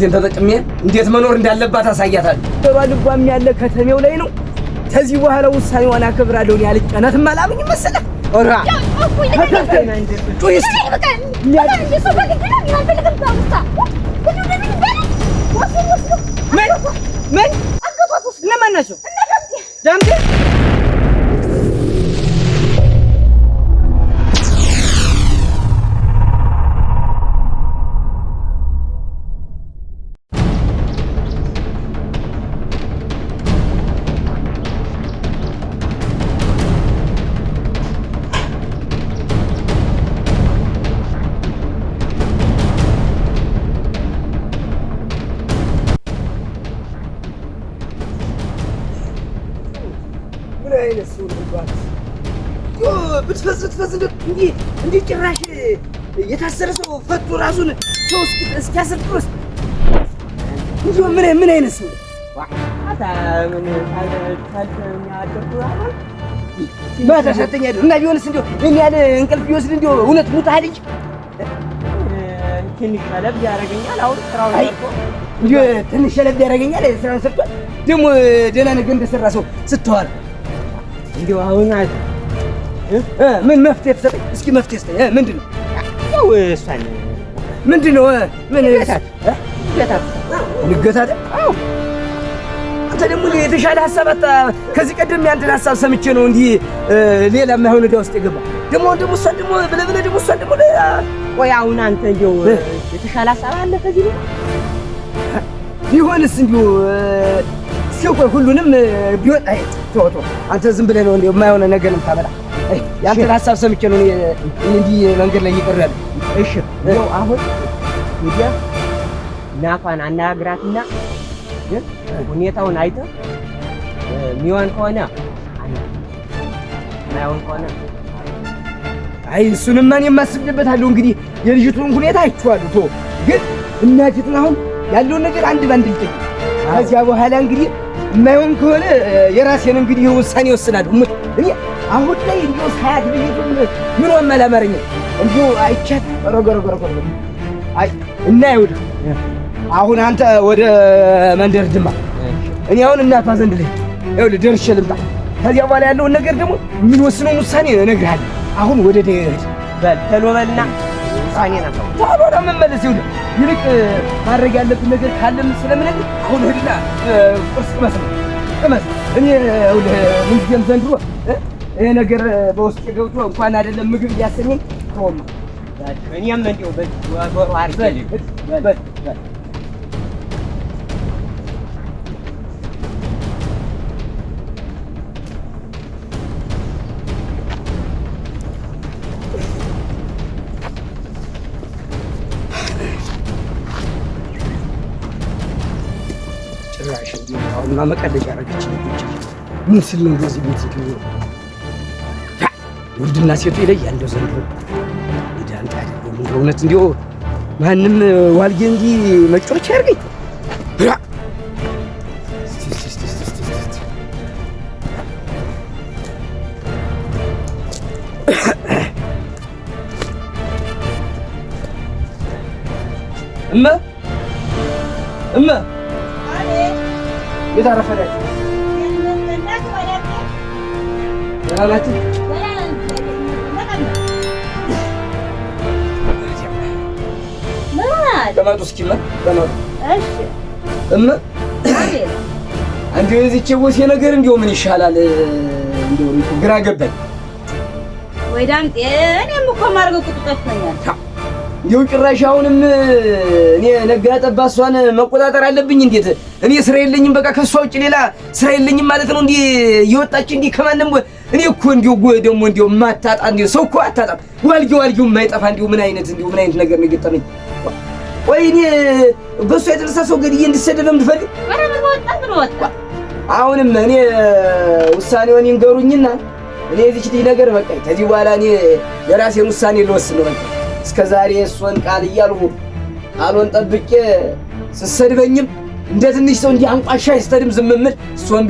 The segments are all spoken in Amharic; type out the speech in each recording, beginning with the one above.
ጉልበቴን ተጠቅሜ እንዴት መኖር እንዳለባት አሳያታል። አሳያታለሁ። በባልጓም ያለ ከተሜው ላይ ነው። ከዚህ በኋላ ውሳኔዋን አከብራለሁ። እኔ አልጨነትም አላምኝም መሰለህ። ምን ምን ለማን ናቸው? ምን አይነት ሰው ልባት ብትፈዝ ብትፈዝ እንዲህ እንዲህ ጭራሽ የታሰረ ሰው ፈቶ ራሱን ሰው እስኪያስር ድረስ እንዲ ምን ምን አይነት ሰው ማታ ሰተኛ ሄዱ እና ቢሆንስ እንዲ ይህን ያህል እንቅልፍ ቢወስድ እንዲ እውነት ሙታህ ልጅ ትንሽ ሸለብ ያደርገኛል። አሁን ስራውን እንዲ ትንሽ ሸለብ ያደርገኛል። ስራውን ሰርቷል። ደግሞ ደህና ነገር እንደሰራ ሰው ስተዋል እንዲያው አሁን ምን መፍትሄ ትሰጠኝ? እስኪ መፍትሄ ስጠኝ። ምንድን ነው ያው እሷን ምንድን ነው ምን እንገታት? አንተ ደግሞ የተሻለ ሀሳብ ከዚህ ቀደም ያንተን ሀሳብ ሰምቼ ነው እንዲህ ሌላ የማይሆን ዕዳ ውስጥ የገባ ደግሞ ደግሞ እሷን ደግሞ ብለህ ብለህ ደግሞ እሷን ደግሞ ቆይ አሁን አንተ እንዲያው የተሻለ ሀሳብ አለ ከዚህ ቢሆንስ እንዲሁ እሺ ቆይ ሁሉንም ቢወጣ ቶቶ አንተ ዝም ብለህ ነው እንደው የማይሆነ ነገር የምታመጣ። የአንተን ሀሳብ ሰምቼ ነው እንዲህ መንገድ ላይ እየቀረ ያለ። እሺ ይኸው አሁን ወዲያ ናፋን አናግራትና ሁኔታውን አይተህ ሚሆን ከሆነ ማይሆን ከሆነ አይ እሱንማ እኔ የማስብበታለሁ። እንግዲህ የልጅቱን ሁኔታ አይቼዋለሁ። ቶ ግን እናቲቱን አሁን ያለውን ነገር አንድ ባንድ ልጠይቅ። ከዚያ በኋላ እንግዲህ የማይሆን ከሆነ የራሴን እንግዲህ ውሳኔ ይወስናል። እኔ አሁን ላይ እንዲሁ ሳያት ብሄዱም ምን መለመርኝ እንዲሁ አይቻት ረገረገረገ እና ይሁድ አሁን አንተ ወደ መንደር ድማ እኔ አሁን እናቷ ዘንድ ላይ ይኸውልህ ደርሼ ልምጣ። ከዚያ በኋላ ያለውን ነገር ደግሞ የምንወስነውን ውሳኔ እነግርሃለሁ። አሁን ወደ ደርድ በል ተሎበልና ሳኔ ናት። ታዲያ መመለስ ይኸውልህ፣ ይልቅ ማድረግ ያለብን ነገር ካለም ስለምነግርህ አሁን ሂድና ቁርስ ቅመስ ነው ቅመስ። እኔ ይኸውልህ ምንጊዜም ዘንድሮ ይሄ ነገር በውስጥ ገብቶ እንኳን አይደለም ምግብ እያሰኘኝ ተወማ እኔም እንዲሁ በ እና መቀለጃ ያረገች ምን ነው እንደዚህ ቤት ወንድና ሴቱ ይለያል። እንደው ዘንድሮ አይደለም እውነት እንዲሁ ማንም ዋልጌ እንጂ መጮች ያርገኝ ተማጡ እስኪ ተማጡ። እሺ እማ አንተ ነገር እንዲሁ ምን ይሻላል? እንዲሁ ግራ ገባኝ። ወይዳም እኔም እኮ ማድረግ ቁጡ ጠፍቶኛል። ይው ጭራሽ እኔ ነጋ ጠባ እሷን መቆጣጠር አለብኝ። እንዴት እኔ ስራ የለኝም፣ በቃ ከሷ ውጭ ሌላ ስራ የለኝም ማለት ነው። እንዲህ እየወጣች እንዲህ ከማንም እኔ እኮ እንዲሁ ደግሞ እንዲሁ ማታጣ እንዲሁ ሰው እኮ አታጣም። ዋልጌው ዋልጌው የማይጠፋ እንዲሁ ምን አይነት እንዲሁ ምን አይነት ነገር ነው የገጠመኝ? ወይ እኔ በሷ የተነሳ ሰው ገድዬ እንድሰደብ የምትፈልግ አሁንም እኔ ውሳኔውን ይንገሩኝና እኔ እዚች ልጅ ነገር በቃ ከዚህ በኋላ እኔ የራሴን ውሳኔ ልወስን ነው በቃ እስከ ዛሬ እሷን ቃል እያልሁ ቃሎን ጠብቄ ስሰድበኝም እንደ ትንሽ ሰው እንዲህ አንቋሻ ይስተድም ዝም እምል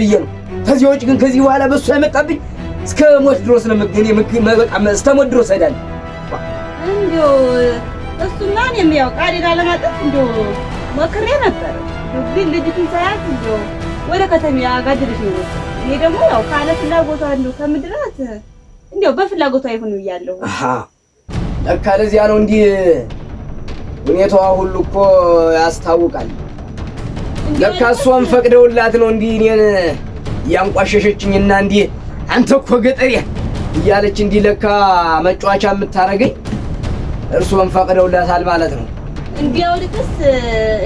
ብዬ ነው። ከዚህ ውጭ ግን ከዚህ በኋላ በእሷ ያመጣብኝ እስከ ሞት ድሮስ ነው የምገኝ። እስከ ሞት ድሮስ እሄዳለሁ። እንዲሁ እሱማ እኔም ያው ቃሌን አለማጠፍ እንዲሁ ሞክሬ ነበር። ግን ልጅቱን ሳያት እንዲሁ ወደ ከተማ ያጋድልሽ ነው። እኔ ደግሞ ያው ካለ ፍላጎቷ እንዲሁ ከምድራት እንዲሁ በፍላጎቷ ይሁን ብያለሁ። ለካ ለዚያ ነው እንዲህ ሁኔታዋ ሁሉ እኮ ያስታውቃል። ለካ እሷን ፈቅደውላት ነው እንዲህ እኔን እያንቋሸሸችኝና እንዲህ አንተ እኮ ገጠሪያ እያለች እንዲህ ለካ መጫወቻ የምታደርገኝ እርሶን ፈቅደውላታል ማለት ነው። እንዲያው ልቅስ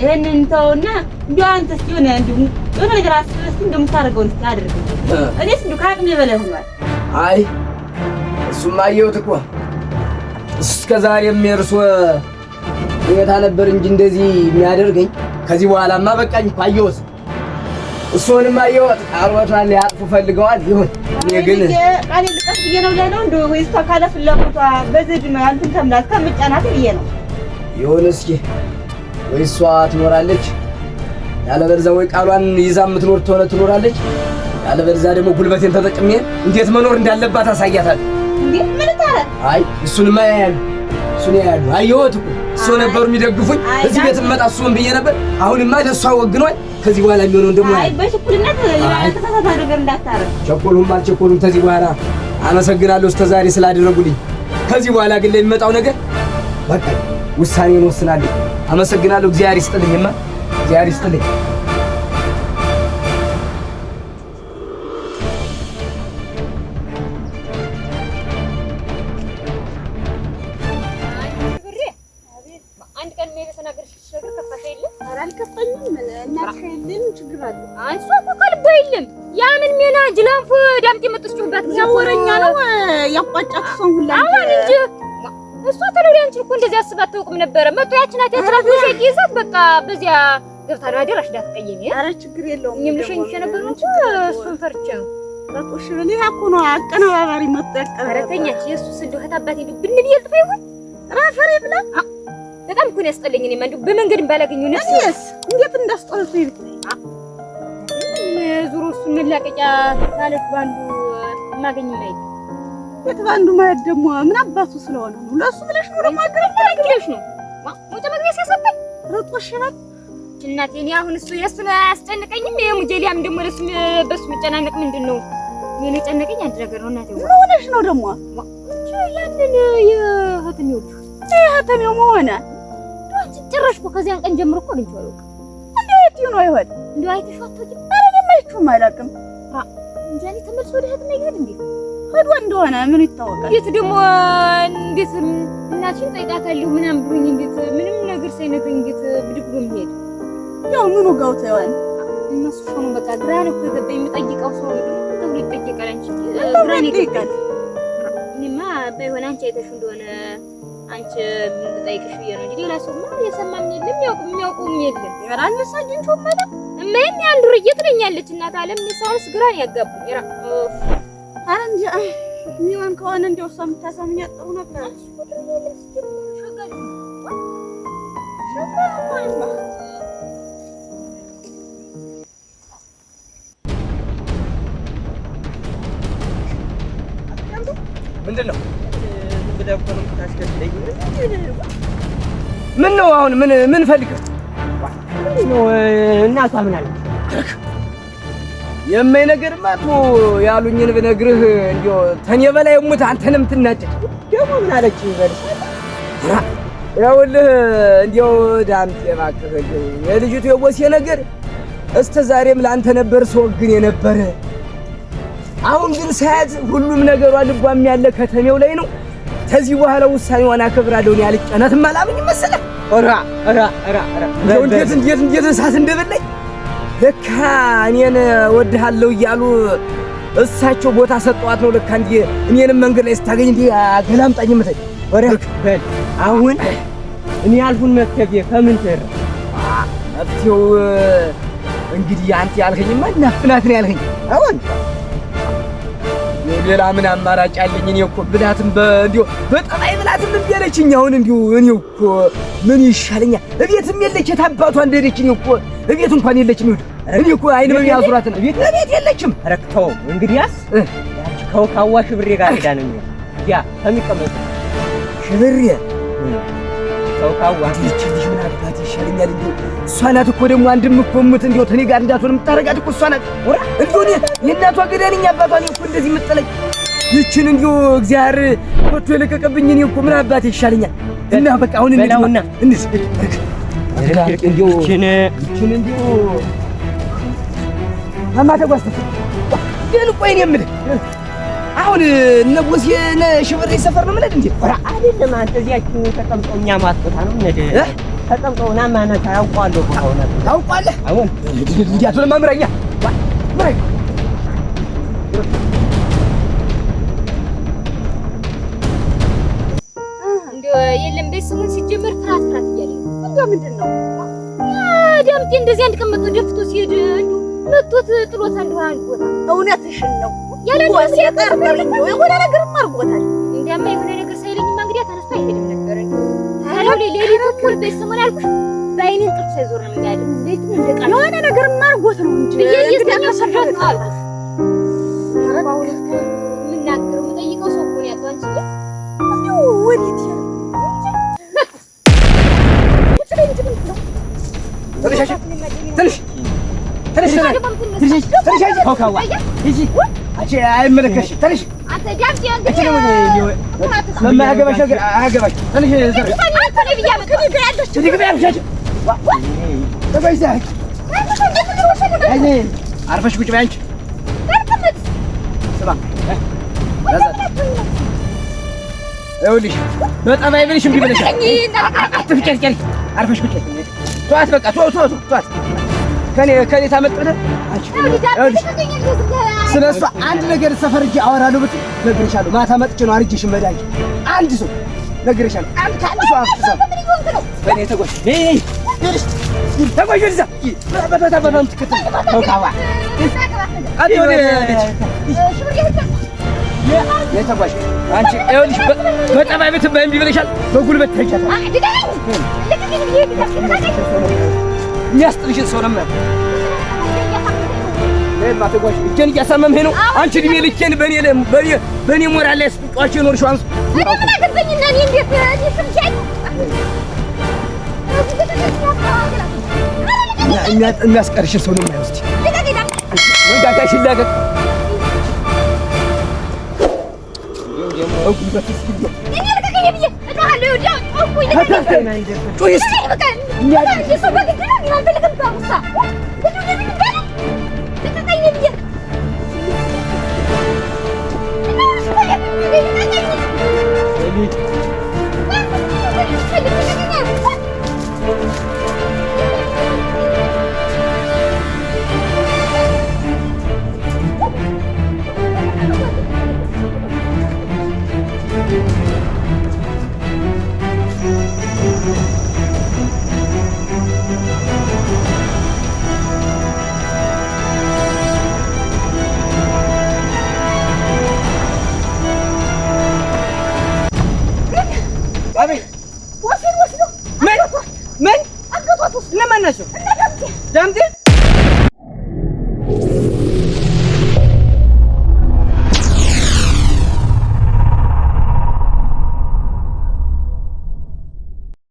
ይሄንን ተውና እንዲያው አንተ እስኪ እንዲሁ የሆነ ነገር አስበህ እስኪ እንዲሁ የምታደርገውን እኔስ እንዲሁ ከአቅሜ በላይ ሆኗል። አይ እሱማ አየሁት እኮ እስከ ዛሬም የእርሶ ሁኔታ ነበር እንጂ እንደዚህ የሚያደርገኝ ከዚህ በኋላማ በቃኝ እኮ አየሁት። እሱንም አየሁት። ቃልዎቷን ሊያጥፉ ፈልገዋል። ይሁን እኔ ግን ቃሌ ልቀት ብዬ ነው ያለው እንደ ወይስ ካለ ፍላጎቷ በዚህ ነው አንተን ተምላት ከምጫናት ብዬ ነው። ይሁን እስኪ ወይ እሷ ትኖራለች፣ ያለበለዚያ ወይ ቃሏን ይዛ የምትኖር ትሆነ ትኖራለች፣ ያለበለዚያ ደግሞ ጉልበቴን ተጠቅሜ እንዴት መኖር እንዳለባት አሳያታል። ምን ታረ አይ እሱን ያሉ አየሁት እኮ እሱ ነበሩ የሚደግፉኝ እዚህ ቤት መጣ እሱም ብዬ ነበር። አሁንማ ደሷ ወግኗል። ከዚህ በኋላ የሚሆነውን ደግሞ አይ በችኩልነት ተሳሳተ ነገር እንዳታረግ። ቸኮሉም አልቸኮሉም ከዚህ በኋላ አመሰግናለሁ እስከ ዛሬ ስላደረጉልኝ። ከዚህ በኋላ ግን ለሚመጣው ነገር በቃ ውሳኔውን ወስናለሁ። አመሰግናለሁ። እግዚአብሔር ይስጥልኝማ፣ እግዚአብሔር ይስጥልኝ። የምትጮህባት ወረኛ ነው ያቋጫት ሰው ሁላ አሁን እንጂ እሷ ተለውላ አንቺን እኮ እንደዚህ አስባ አታውቅም ነበረ። መቶ ያችን አትያትራት ወሸቂ ይዛት በቃ በዚያ ገብታ አደራሽ እንዳትቀየሚ። ኧረ ችግር የለውም እኔም ልሸኝሽ ነበር እንጂ እሱን ፈርቼ ነው። በቁሽ ሌላ እኮ ነው አቀነባባሪ መጥቶ ያቀረ አረተኛ ኢየሱስ እንደው ከታባቴ እንደው ብንል ይልጥፋ ይሁን ራፈሬ ብላ በጣም እኮ ነው ያስጠለኝ። እኔማ እንደው በመንገድ ባላገኘው ነፍስ እንዴት እንዳስጠለኝ ይልጥ ዙሮ እሱን መላቀቂያ ታለፍ ባንዱ ማገኝ ላይ የት ባንዱ ማየት ደግሞ ምን አባቱ ስለሆነ ነው። ለሱ ብለሽ ነው ደግሞ አገረኝ ታላቂሽ ነው ወጭ መግቢያ ሲያሰጠኝ ረጥሽ ነው እናቴ። እኔ አሁን እሱ የሱ አያስጨንቀኝም። የሙጀሊያም ደግሞ ለሱ በሱ መጨናነቅ ምንድን ነው? እኔ የጨነቀኝ አንድ ነገር ነው እናቴ። ምን ሆነሽ ነው ደግሞ ያንን የሀተሚዎቹ የሀተሚው መሆነ ጭራሽ ከዚያን ቀን ጀምሮ እኮ ልጅ ወለቀ እንዴት ነው ይሆን እንዴ? አይተሽው አትወጪ? ኧረ እኔማ አይቼውም አላውቅም። እንጃ እኔ ተመልሶ ወደ ህግ ነገር እንዴ ሆዶ እንደሆነ ምን ይታወቃል። የት ደግሞ እንዴት እናትሽን ጠይቃታለሁ ምናምን ብሎኝ እንዴት ምንም ነገር ሳይነግረኝ እንዴት ብድግ ብሎ የሚሄድ ያው ምኑ ጋው ተዋል እነሱ ሆኑ በቃ ግራ ነው እኮ የገባኝ የምጠይቀው ሰው ተብሎ ይጠየቃል። አንቺ ግራ ነው ይጠይቃል። እኔማ ባይሆን አንቺ አይተሽ እንደሆነ አንቺ የምትጠይቅሽ ብዬሽ ነው እንጂ ሌላ ሰውማ የሰማም የለም የሚያውቁም የለም ይበራል ሰው አግኝቶ ማለት ምን ያን ዱርዬ ትለኛለች እናት አለም ንሳውስ ግራን ያጋቡ ይራ አረ እንጂ ሚሆን ከሆነ እንደው እሷ የምታሳምኝ ጥሩ ነበር። ምንድን ነው ምን ነው አሁን ምን ምን ፈልገው እናቷ ምን አለች? የማይ ነገር ማጥፎ ያሉኝን ብነግርህ እንዲያው ተኔ በላይ ሙት አንተንም ትናጨች። ደግሞ ምን አለች ይበልስ ያውልህ እንዲያው ዳምጤ እባክህ የልጅቱ የወሴ ነገር እስከ ዛሬም ለአንተ ነበር ስወግን የነበረ። አሁን ግን ሳያት ሁሉም ነገሯ ልቧም ያለ ከተሜው ላይ ነው። ከዚህ በኋላ ውሳኔዋን አከብራለሁ ነው ያልጨነትም አላምኝ መሰለህ እንዴት እንሳት እንደበላኝ ለካ እኔን ወድሃለሁ እያሉ እሳቸው ቦታ ሰጠዋት ነው። ለካ እንዲህ እኔንም መንገድ ላይ ስታገኝ እንዲህ ገላምጣኝ የምትል ወሬክ በል። አሁን እኔ ያልኩን መክተብ ከምን ተር መፍትሄው እንግዲህ አንተ ያልከኝማ ናፍናት ነው ያልከኝ አሁን ሌላ ምን አማራጭ አለኝ? እኔ እኮ ብላትም እንዲሁ በጠባይ ብላትም እምቢ አለችኝ። አሁን እንዲሁ እኔ እኮ ምን ይሻለኛል? እቤትም የለች የታባቷ እንደሄደች እኔ እኮ እቤት እንኳን የለችም። ይሁድ እኔ እኮ አይን በሚያ ዙራት ነው እቤት የለችም። ረክተው እንግዲያስ ከው ካዋ ሽብሬ ጋር ሄዳ ነው ያ ከሚቀመጡ ሽብሬ እሷ እኮ ደግሞ አንድም እኮ እሙት እንደው ተኔ ጋር እንዳትሆን የምታረጋት እኮ እሷ ናት። እንደው የእናቷ ገዳንኛ አባቷ እኮ እንደዚህ የምጠለኝ ይችን እንደው እግዚአብሔር ወጥቶ የለቀቀብኝ እኔ እኮ ምን አባቴ ይሻለኛል። እና በቃ አሁን እንዴትና እንስ እንደው ይችን እንደው አማተጓስተፍ ግን የምልህ አሁን ነጎስ ቦሴ እነ ሰፈር ነው ማለት እንዴ? ወራ አይደለም። አንተ እዚያችሁ ተቀምጠው እኛ ማጥታ ነው እንደ ተቀምጠው ና ማነታ ያውቀዋለሁ። ሆነ ታውቋለህ። አሁን እንዲያቱ ለማምረኛ ምረኝ የለም ቤት ስሙን ሲጀመር ፍርሃት ፍርሃት እያለኝ እንደው ምንድን ነው ዳምጤ እንደዚህ አንድ ቀን መጥቶ ደፍቶ ሲሄድ እንዲሁ መጥቶት ጥሎት አንድ አንድ ቦታ እውነትሽን ነው የሆነ ነገር አድርጎታል። እንዲያማ የሆነ ነገር ሳይለኝማ እንግዲህ ነው እንጂ አንቺ አይመለከትሽም። ተነሽ የማያገባሽ አርፈሽ ቁጭ በይ አንቺ ይኸውልሽ በጠባይ ብለሽ እምቢ ብለሻል። አትፍጨርጨሪ። አርፈሽ ቁጭ በይ ተዋት፣ በቃ ተዋት፣ ተዋት ከኔ ከኔ ታመጥተህ ስለ እሷ አንድ ነገር ሰፈር እጅ አወራለሁ ብትል ነግሬሻለሁ። ማታ መጥቼ ነው አርጅሽ መዳይ አንድ ሰው ነግሬሻለሁ። አንድ ከአንድ ሰው አፍሳ በእኔ ተጎሽ ተጎሽ እዛ በታበታም ትከተል ተውካዋ አንተ ወደ የተጓዥ አንቺ ይኸውልሽ፣ በጠባይ ቤት እምቢ ብለሻል። በጉልበት ተይዣታለሁ የሚያስጥልሽን ሰው ለምን ማተጓሽ እጄን እያሳመምህ ነው። አንቺ እድሜ ልኬን በእኔ ሞራል ላይ ስጥጫዋቸው የኖርሽው አንሱ የሚያስቀርሽን ሰው ነው የማይወስድ መንጋጋሽን ላቀቅ ጩ I'm feeling ako